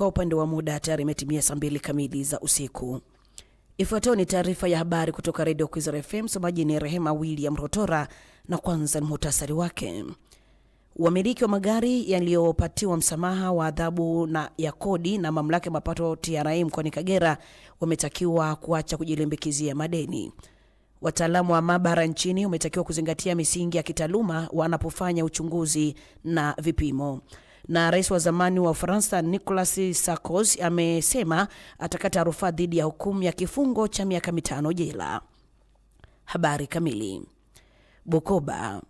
Kwa upande wa muda tayari imetimia saa mbili kamili za usiku. Ifuatayo ni taarifa ya habari kutoka redio Kwizera FM. Msomaji ni Rehema William Rotora, na kwanza ni muhtasari wake. Wamiliki wa magari yaliyopatiwa msamaha wa adhabu na ya kodi na mamlaka ya mapato TRA mkoani Kagera wametakiwa kuacha kujilimbikizia madeni. Wataalamu wa maabara nchini wametakiwa kuzingatia misingi ya kitaaluma wanapofanya uchunguzi na vipimo na rais wa zamani wa Ufaransa Nicolas Sarkozy amesema atakata rufaa dhidi ya hukumu ya kifungo cha miaka mitano jela. Habari kamili. Bukoba.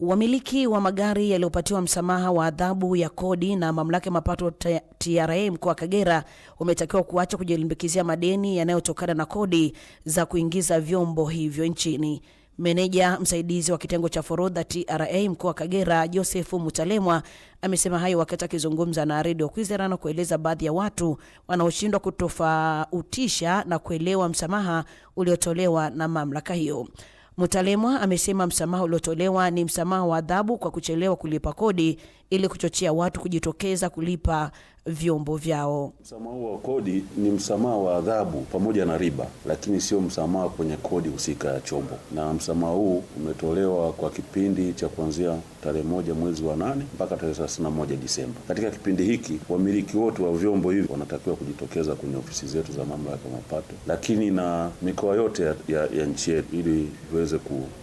Wamiliki wa magari yaliyopatiwa msamaha wa adhabu ya kodi na mamlaka ya mapato TRA mkoa wa Kagera wametakiwa kuacha kujilimbikizia madeni yanayotokana na kodi za kuingiza vyombo hivyo nchini. Meneja msaidizi wa kitengo cha forodha TRA mkoa wa Kagera, josefu Mutalemwa amesema hayo wakati akizungumza na Radio Kwizera na kueleza baadhi ya watu wanaoshindwa kutofautisha na kuelewa msamaha uliotolewa na mamlaka hiyo. Mutalemwa amesema msamaha uliotolewa ni msamaha wa adhabu kwa kuchelewa kulipa kodi ili kuchochea watu kujitokeza kulipa vyombo vyao. Msamaha wa kodi ni msamaha wa adhabu pamoja na riba, lakini sio msamaha kwenye kodi husika ya chombo, na msamaha huu umetolewa kwa kipindi cha kuanzia tarehe moja mwezi wa nane mpaka tarehe moja Disemba. Katika kipindi hiki wamiliki wote wa vyombo hivi wanatakiwa kujitokeza kwenye ofisi zetu za mamlaka ya mapato, lakini na mikoa yote ya, ya, ya nchi yetu ili iweze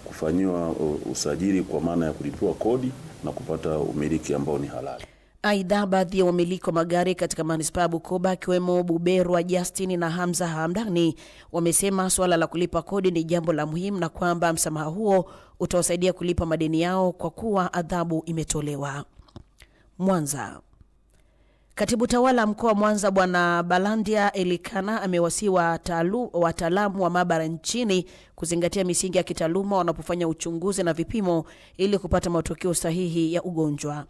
kufanyiwa uh, usajili kwa maana ya kulipiwa kodi na kupata umiliki ambao ni halali. Aidha, baadhi ya wamiliki wa magari katika manispaa ya Bukoba akiwemo Buberwa Justin na Hamza Hamdani wamesema suala la kulipa kodi ni jambo la muhimu na kwamba msamaha huo utawasaidia kulipa madeni yao kwa kuwa adhabu imetolewa. Mwanza. Katibu tawala mkoa wa Mwanza Bwana Balandia Elikana amewasihi wataalamu wa maabara nchini kuzingatia misingi ya kitaaluma wanapofanya uchunguzi na vipimo ili kupata matokeo sahihi ya ugonjwa.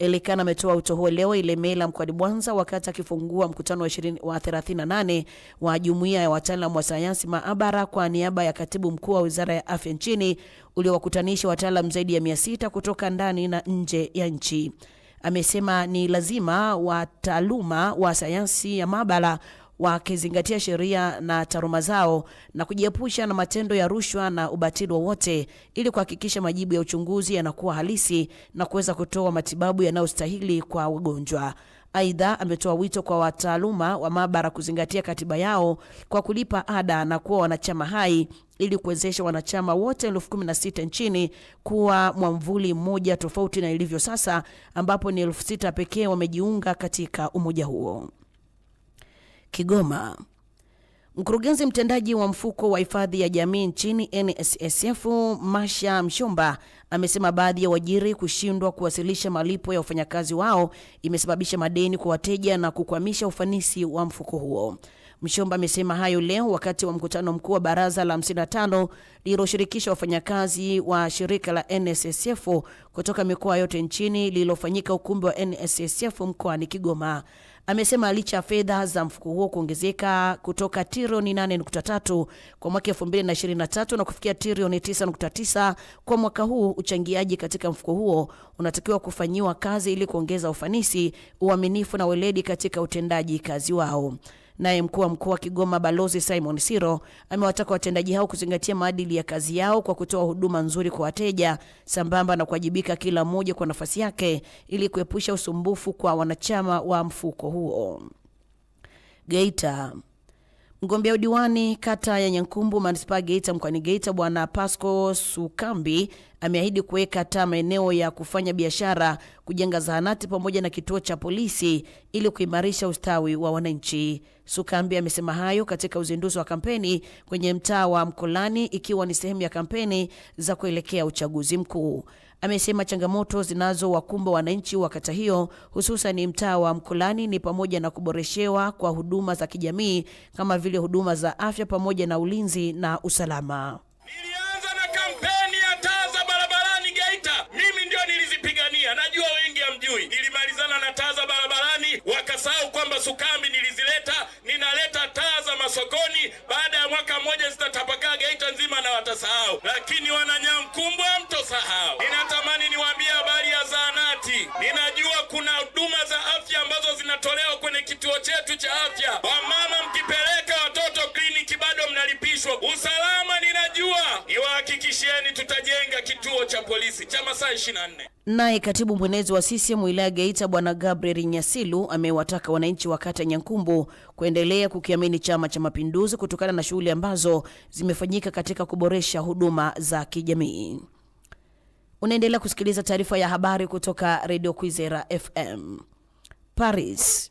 Elikana ametoa wito huo leo Ilemela mkoani Mwanza wakati akifungua mkutano wa wa 38 wa jumuiya ya wataalamu wa sayansi maabara kwa niaba ya katibu mkuu wa Wizara ya Afya nchini uliowakutanisha wataalamu zaidi ya 600 kutoka ndani na nje ya nchi. Amesema ni lazima wataaluma wa sayansi ya maabara wakizingatia sheria na taaluma zao na kujiepusha na matendo ya rushwa na ubatili wowote, ili kuhakikisha majibu ya uchunguzi yanakuwa halisi na kuweza kutoa matibabu yanayostahili kwa wagonjwa. Aidha, ametoa wito kwa wataaluma wa maabara kuzingatia katiba yao kwa kulipa ada na kuwa wanachama hai ili kuwezesha wanachama wote elfu kumi na sita nchini kuwa mwamvuli mmoja tofauti na ilivyo sasa ambapo ni elfu sita pekee wamejiunga katika umoja huo. Kigoma. Mkurugenzi mtendaji wa mfuko wa hifadhi ya jamii nchini NSSF Masha Mshomba amesema baadhi ya wajiri kushindwa kuwasilisha malipo ya wafanyakazi wao imesababisha madeni kwa wateja na kukwamisha ufanisi wa mfuko huo. Mshomba amesema hayo leo wakati wa mkutano mkuu wa baraza la 55 lililoshirikisha wafanyakazi wa shirika la NSSF kutoka mikoa yote nchini lililofanyika ukumbi wa NSSF mkoani Kigoma. Amesema licha ya fedha za mfuko huo kuongezeka kutoka trilioni 8.3 kwa mwaka 2023 na kufikia trilioni 9.9 kwa mwaka huu, uchangiaji katika mfuko huo unatakiwa kufanyiwa kazi ili kuongeza ufanisi, uaminifu na weledi katika utendaji kazi wao. Naye mkuu wa mkoa wa Kigoma Balozi Simon Siro amewataka watendaji hao kuzingatia maadili ya kazi yao kwa kutoa huduma nzuri kwa wateja sambamba na kuwajibika kila mmoja kwa nafasi yake ili kuepusha usumbufu kwa wanachama wa mfuko huo. Geita Mgombea udiwani kata ya Nyankumbu manispaa Geita mkoani Geita Bwana Pasco Sukambi ameahidi kuweka taa maeneo ya kufanya biashara, kujenga zahanati pamoja na kituo cha polisi ili kuimarisha ustawi wa wananchi. Sukambi amesema hayo katika uzinduzi wa kampeni kwenye mtaa wa Mkolani, ikiwa ni sehemu ya kampeni za kuelekea uchaguzi mkuu amesema changamoto zinazowakumba wananchi wa kata hiyo hususan mtaa wa mkulani ni pamoja na kuboreshewa kwa huduma za kijamii kama vile huduma za afya pamoja na ulinzi na usalama. Nilianza na kampeni ya taa za barabarani Geita, mimi ndio nilizipigania, najua wengi hamjui. Nilimalizana na taa za barabarani, wakasahau kwamba Sukambi nilizileta, ninaleta taa za masokoni, baada ya mwaka mmoja zitatapakaa Geita nzima na watasahau, lakini wananyamkumbwa cha afya. Wamama mkipeleka watoto kliniki bado mnalipishwa. Usalama ninajua, niwahakikishieni tutajenga kituo cha polisi cha masaa nne. Naye katibu mwenezi wa CCM wilaya Geita Bwana Gabriel Nyasilu amewataka wananchi wa kata Nyankumbu kuendelea kukiamini Chama cha Mapinduzi kutokana na shughuli ambazo zimefanyika katika kuboresha huduma za kijamii. Unaendelea kusikiliza taarifa ya habari kutoka Radio Kwizera FM. Paris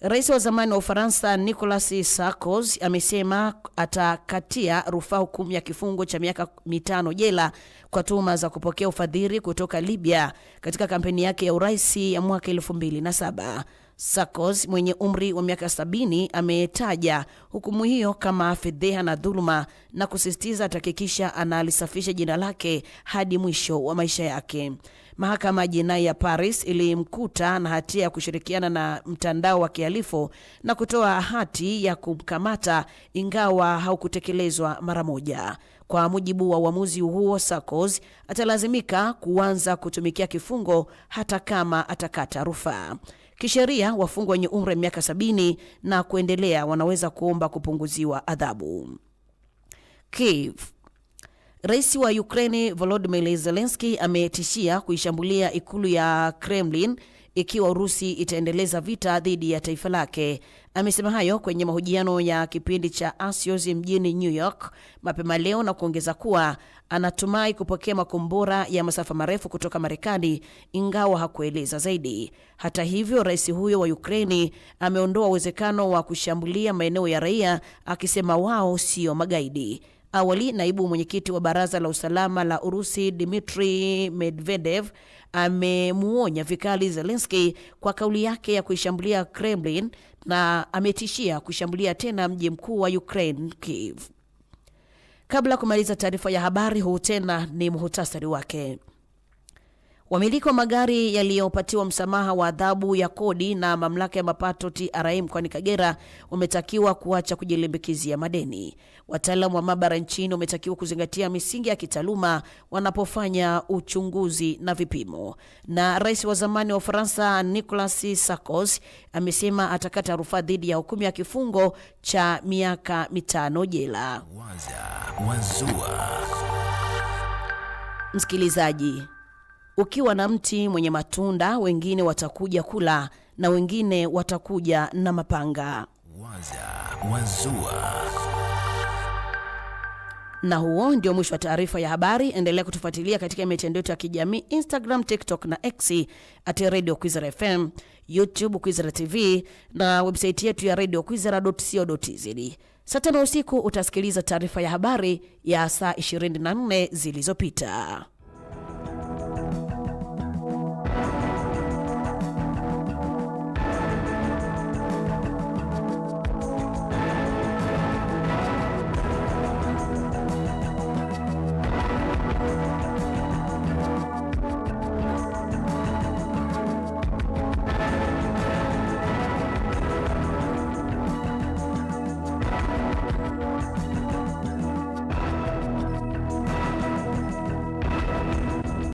Rais wa zamani wa Ufaransa Nicolas Sarkozy amesema atakatia rufaa hukumu ya kifungo cha miaka mitano jela kwa tuhuma za kupokea ufadhili kutoka Libya katika kampeni yake ya urais ya mwaka 2007. Sarkozy mwenye umri wa miaka sabini ametaja hukumu hiyo kama fedheha na dhuluma na kusisitiza atahakikisha analisafisha jina lake hadi mwisho wa maisha yake. Mahakama ya jinai ya Paris ilimkuta na hatia ya kushirikiana na mtandao wa kihalifu na kutoa hati ya kumkamata ingawa haukutekelezwa mara moja. Kwa mujibu wa uamuzi huo, Sarkozy atalazimika kuanza kutumikia kifungo hata kama atakata rufaa. Kisheria, wafungwa wenye umri wa miaka sabini na kuendelea wanaweza kuomba kupunguziwa adhabu. Kiev. Rais wa Ukraini Volodymyr Zelensky ametishia kuishambulia ikulu ya Kremlin ikiwa Urusi itaendeleza vita dhidi ya taifa lake. Amesema hayo kwenye mahojiano ya kipindi cha Axios mjini New York mapema leo na kuongeza kuwa anatumai kupokea makombora ya masafa marefu kutoka Marekani, ingawa hakueleza zaidi. Hata hivyo, rais huyo wa Ukraini ameondoa uwezekano wa kushambulia maeneo ya raia, akisema wao sio magaidi. Awali, naibu mwenyekiti wa baraza la usalama la Urusi dmitri Medvedev amemuonya vikali Zelensky kwa kauli yake ya kuishambulia Kremlin na ametishia kushambulia tena mji mkuu wa Ukraine, kiv Kabla ya kumaliza taarifa ya habari, huu tena ni muhtasari wake. Wamiliki wa magari yaliyopatiwa msamaha wa adhabu ya kodi na mamlaka ya mapato TRA mkoani Kagera wametakiwa kuacha kujilimbikizia madeni. Wataalamu wa maabara nchini wametakiwa kuzingatia misingi ya kitaaluma wanapofanya uchunguzi na vipimo. Na rais wa zamani wa Ufaransa Nicolas Sarkozy amesema atakata rufaa dhidi ya hukumu ya kifungo cha miaka mitano jela. Waza, wazua. Msikilizaji, ukiwa na mti mwenye matunda, wengine watakuja kula na wengine watakuja na mapanga. Waza Wazua. Na huo ndio mwisho wa taarifa ya habari. Endelea kutufuatilia katika mitandao yetu ya kijamii Instagram, TikTok na X at Radio Kwizera FM, YouTube Kwizera TV na websaiti yetu ya Radio Kwizera.co.tz. Saa tano usiku utasikiliza taarifa ya habari ya saa 24 zilizopita.